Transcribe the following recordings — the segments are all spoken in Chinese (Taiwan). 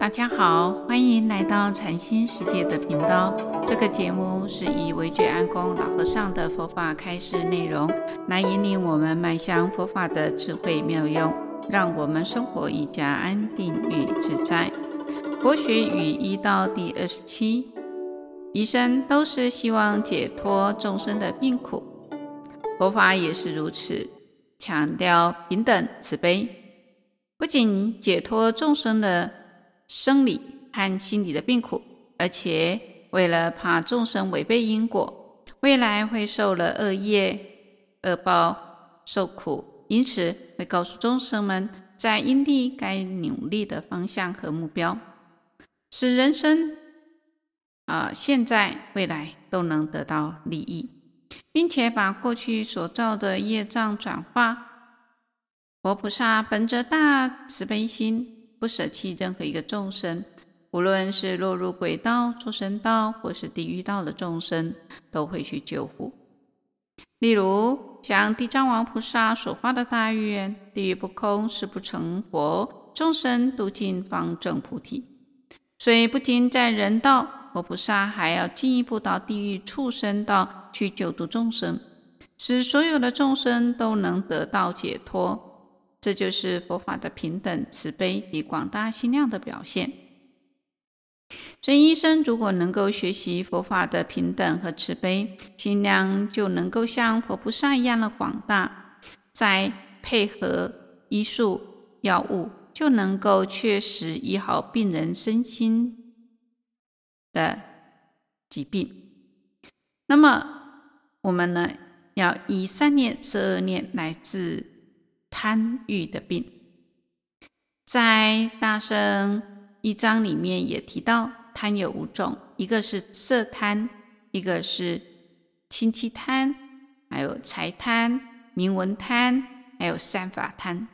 大家好，歡迎來到禪心世界的頻道。這個節目是以惟覺安公老和尚的佛法開示內容，來引領我們邁向佛法的智慧妙用，讓我們生活更加安定與自在。佛學與醫道第二十七，醫生都是希望解脫眾生的病苦，佛法也是如此，強調平等、慈悲，不僅解脫眾生的生理和心理的病苦，而且為了怕眾生違背因果，未來會受了惡業惡報受苦，因此會告訴眾生們在因地該努力的方向和目標，使人生啊、呃、現在未來都能得到利益，並且把過去所造的業障轉化。佛菩薩本着大慈悲心。不捨棄任何一個眾生，無論是落入鬼道、畜生道或是地獄道的眾生，都會去救護。例如，像地藏王菩薩所發的大願：地獄不空，誓不成佛；眾生度盡，方證菩提。所以，不僅在人道，佛菩薩還要進一步到地獄、畜生道去救助眾生，使所有的眾生都能得到解脫。這就是佛法的平等、慈悲與廣大心量的表現。所以，醫生如果能夠學習佛法的平等和慈悲，心量就能夠像佛菩薩一樣的廣大，再配合醫術、藥物，就能夠確實醫好病人身心的疾病。那麼，我們呢，要以三念、十二念來自。貪欲的病，在大乘義章裡面也提到，貪有五種，一個是色貪，一個是親戚貪，還有財貪、名聞貪，還有善法貪。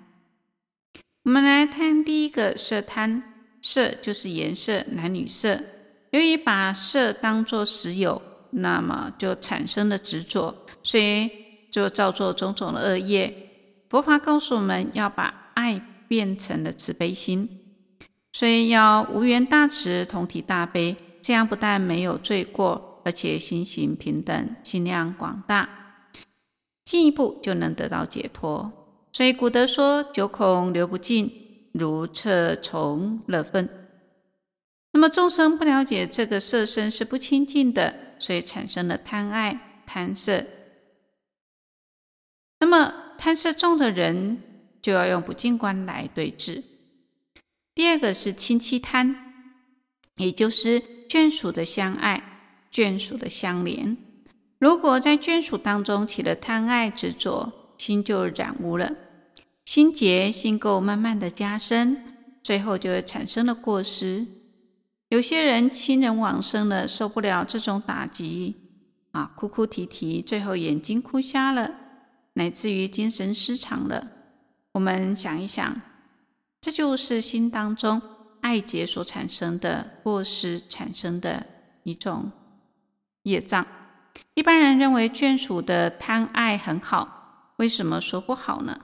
我們來看第一個色貪，色就是顏色，男女色。由於把色當做實有，那麼就產生了執着，所以就造作種種的惡業。佛法告訴我們要把愛變成了慈悲心，所以要無緣大慈，同體大悲。這樣不但沒有罪過，而且心行平等，心量廣大，進一步就能得到解脫。所以古德說：“九孔流不淨，如廁蟲樂糞。”那麼眾生不了解這個色身是不清淨的，所以產生了貪愛、貪色。那麼。貪色重的人，就要用不淨觀來對治。第二個是親戚貪，也就是眷屬的相愛、眷屬的相憐。如果在眷屬當中起了貪愛執着，心就染污了，心結、心垢慢慢的加深，最後就會產生了過失。有些人親人往生了，受不了這種打擊，啊，哭哭啼啼，最後眼睛哭瞎了。乃至於精神失常了。我們想一想，這就是心當中愛結所產生的過失，產生的一種業障。一般人認為眷屬的貪愛很好，為什麼說不好呢？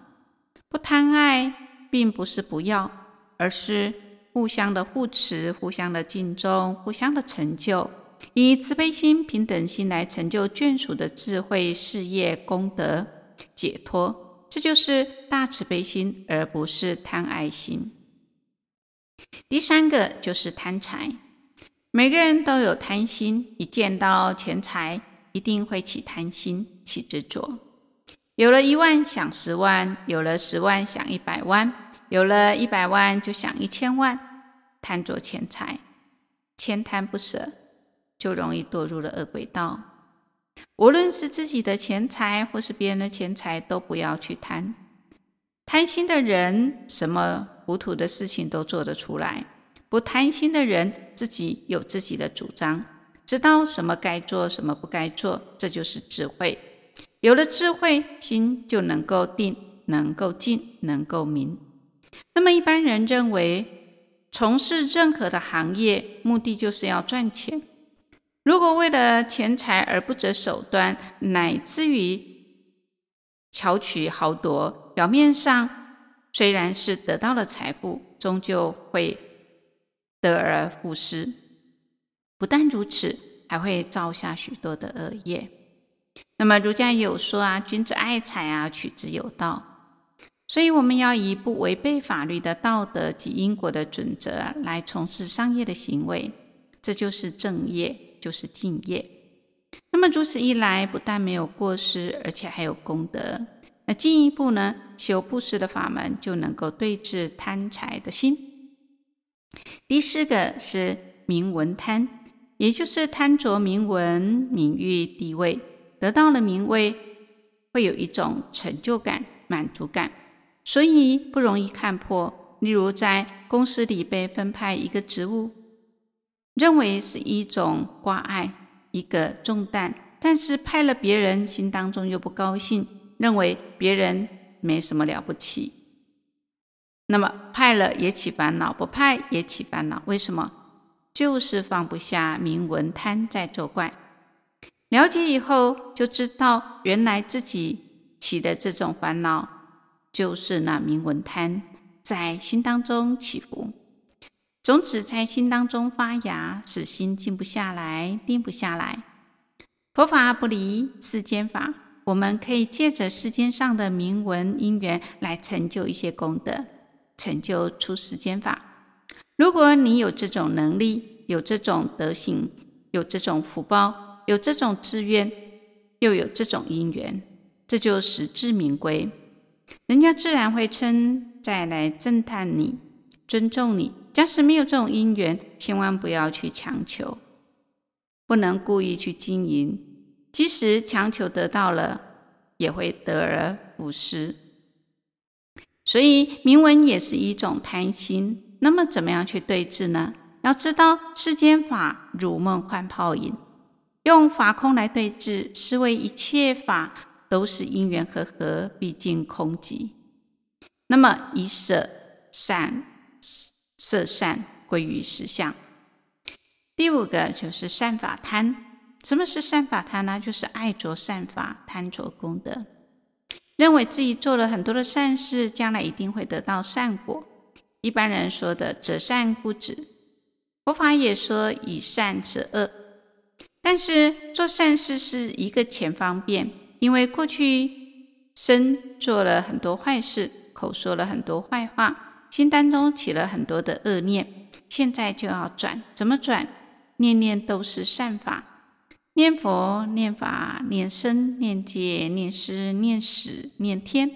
不貪愛並不是不要，而是互相的護持、互相的敬重、互相的成就，以慈悲心、平等心來成就眷屬的智慧、事業、功德。解脫，這就是大慈悲心，而不是貪愛心。第三個就是貪財，每個人都有貪心，一見到錢財，一定會起貪心，起執着。有了一萬想十萬，有了十萬想一百萬，有了一百萬就想一千萬，貪着錢財，慳貪不捨，就容易墮入了餓鬼道。無論是自己的錢財，或是別人的錢財，都不要去貪。貪心的人，什麼糊塗的事情都做得出來；不貪心的人，自己有自己的主張，知道什麼該做，什麼不該做，這就是智慧。有了智慧，心就能夠定，能夠靜，能夠明。那麼一般人認為，從事任何的行業，目的就是要賺錢。如果為了錢財而不擇手段，乃至於巧取豪奪，表面上雖然是得到了財富，終究會得而復失。不但如此，還會造下許多的惡業。那麼儒家也有說啊，君子愛財啊，取之有道。所以我們要以不違背法律的道德及因果的準則來從事商業的行為，這就是正業。就是淨業，那麼如此一來，不但沒有過失，而且還有功德。那進一步呢，修布施的法門就能夠對治貪財的心。第四個是名聞貪，也就是貪着名聞、名譽、地位。得到了名位，會有一種成就感、滿足感，所以不容易看破。例如在公司裡被分派一個職務。認為是一種掛礙，一個重擔，但是派了別人，心當中又不高興，認為別人沒什麼了不起，那麼派了也起煩惱，不派也起煩惱，為什麼？就是放不下名聞貪在作怪。了解以後就知道，原來自己起的這種煩惱，就是那名聞貪在心當中起伏。種子在心當中發芽，使心靜不下來，定不下來。佛法不離世間法，我們可以借着世間上的名聞因緣來成就一些功德，成就出世間法。如果你有這種能力，有這種德行，有這種福報，有這種志願，又有這種因緣，這就是實至名歸，人家自然會稱讚、再來讚歎你，尊重你。假使沒有這種因緣，千萬不要去強求，不能故意去經營。即使強求得到了，也會得而復失。所以，名聞也是一種貪心。那麼，怎麼樣去對治呢？要知道世間法如夢幻泡影，用法空來對治，思惟一切法都是因緣和合，畢竟空寂。那麼，以捨攝善。色善歸於實相。第五個就是善法貪。什麼是善法貪呢？就是愛着善法，貪着功德，認為自己做了很多的善事，將來一定會得到善果。一般人說的“擇善固執”，佛法也說“以善捨惡”。但是做善事是一個前方便，因為過去身做了很多壞事，口說了很多壞話。心當中起了很多的惡念，現在就要轉，怎麼轉？念念都是善法，念佛、念法、念僧、念戒、念施、念死、念天，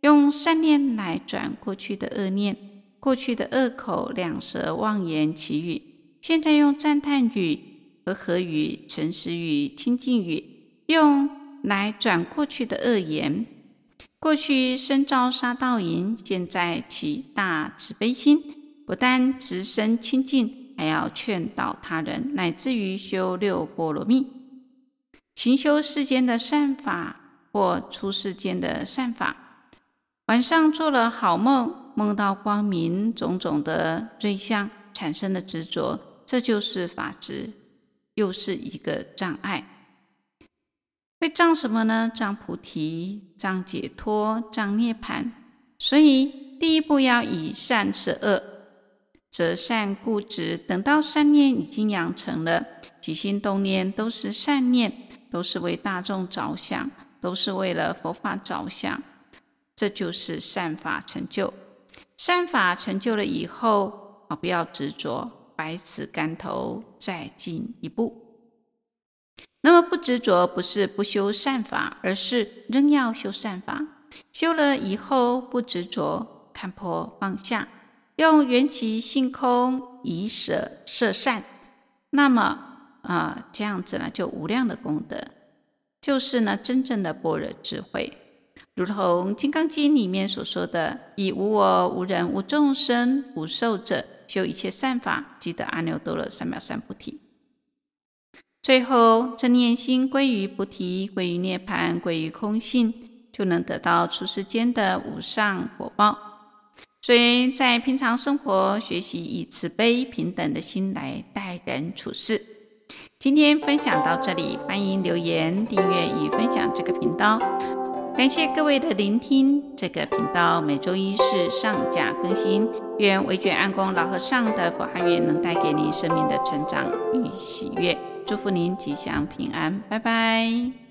用善念來轉過去的惡念，過去的惡口、兩舌、妄言、綺語，現在用讚歎語和合語、誠實語、清淨語，用來轉過去的惡言。過去身造殺盜淫，現在起大慈悲心，不但持身清淨，還要勸導他人，乃至於修六波羅蜜，勤修世間的善法或出世間的善法。晚上做了好夢，夢到光明、種種的瑞相，產生了執着，這就是法執，又是一個障礙。會障什麼呢？障菩提，障解脫，障涅槃。所以，第一步要以善捨惡，擇善固執。等到善念已經養成了，起心動念都是善念，都是為大眾着想，都是為了佛法着想，這就是善法成就。善法成就了以後啊，不要執着，百尺竿頭，再進一步。那麼不執着，不是不修善法，而是仍要修善法。修了以後不執着，看破放下，用緣起性空以捨攝善。那麼啊、呃，這樣子呢，就無量的功德，就是呢真正的般若智慧。如同《金剛經》裡面所說的：“以無我、無人、無眾生、無壽者修一切善法，即得阿耨多羅三藐三菩提。”最後，這念心歸於菩提，歸於涅槃，歸於空性，就能得到出世間的無上果報。所以，在平常生活學習，以慈悲平等的心來待人處事。今天分享到這裡，歡迎留言、訂閱與分享這個頻道。感謝各位的聆聽。這個頻道每周一是上架更新。願惟覺安公老和尚的佛法語能帶給你生命的成長與喜悅。祝福您吉祥平安，拜拜。